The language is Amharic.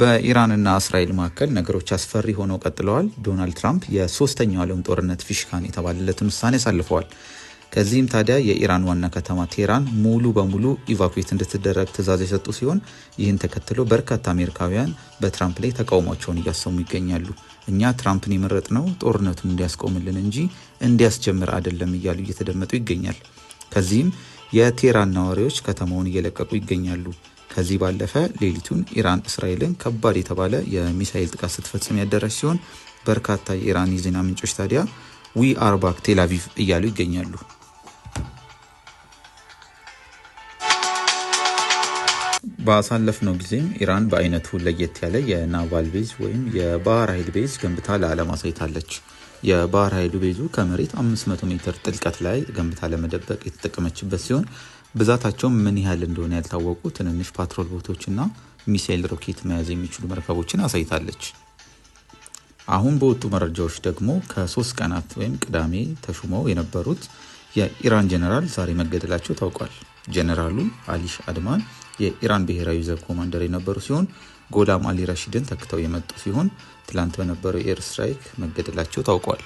በኢራንና እስራኤል መካከል ነገሮች አስፈሪ ሆነው ቀጥለዋል። ዶናልድ ትራምፕ የሶስተኛው ዓለም ጦርነት ፊሽካን የተባለለትን ውሳኔ አሳልፈዋል። ከዚህም ታዲያ የኢራን ዋና ከተማ ቴህራን ሙሉ በሙሉ ኢቫኩዌት እንድትደረግ ትዕዛዝ የሰጡ ሲሆን ይህን ተከትሎ በርካታ አሜሪካውያን በትራምፕ ላይ ተቃውሟቸውን እያሰሙ ይገኛሉ። እኛ ትራምፕን የመረጥነው ጦርነቱን እንዲያስቆምልን እንጂ እንዲያስጀምር አይደለም እያሉ እየተደመጡ ይገኛል። ከዚህም የቴህራን ነዋሪዎች ከተማውን እየለቀቁ ይገኛሉ። ከዚህ ባለፈ ሌሊቱን ኢራን እስራኤልን ከባድ የተባለ የሚሳኤል ጥቃት ስትፈጽም ያደረች ሲሆን በርካታ የኢራን የዜና ምንጮች ታዲያ ዊ አርባክ ቴላቪቭ እያሉ ይገኛሉ። ነው ጊዜም ኢራን በአይነቱ ለየት ያለ የናቫል ቤዝ ወይም የባህር ኃይል ቤዝ ገንብታ ለዓለም አሳይታለች። የባህር ኃይሉ ቤዙ ከመሬት 500 ሜትር ጥልቀት ላይ ገንብታ ለመደበቅ የተጠቀመችበት ሲሆን ብዛታቸውም ምን ያህል እንደሆነ ያልታወቁ ትንንሽ ፓትሮል ቦቶችና ሚሳይል ሮኬት መያዝ የሚችሉ መርከቦችን አሳይታለች። አሁን በወጡ መረጃዎች ደግሞ ከሶስት ቀናት ወይም ቅዳሜ ተሹመው የነበሩት የኢራን ጀነራል ዛሬ መገደላቸው ታውቋል። ጀነራሉ አሊሽ አድማን የኢራን ብሔራዊ ዘብ ኮማንደር የነበሩ ሲሆን ጎላም አሊ ራሺድን ተክተው የመጡ ሲሆን ትላንት በነበረው የኤር ስትራይክ መገደላቸው ታውቋል።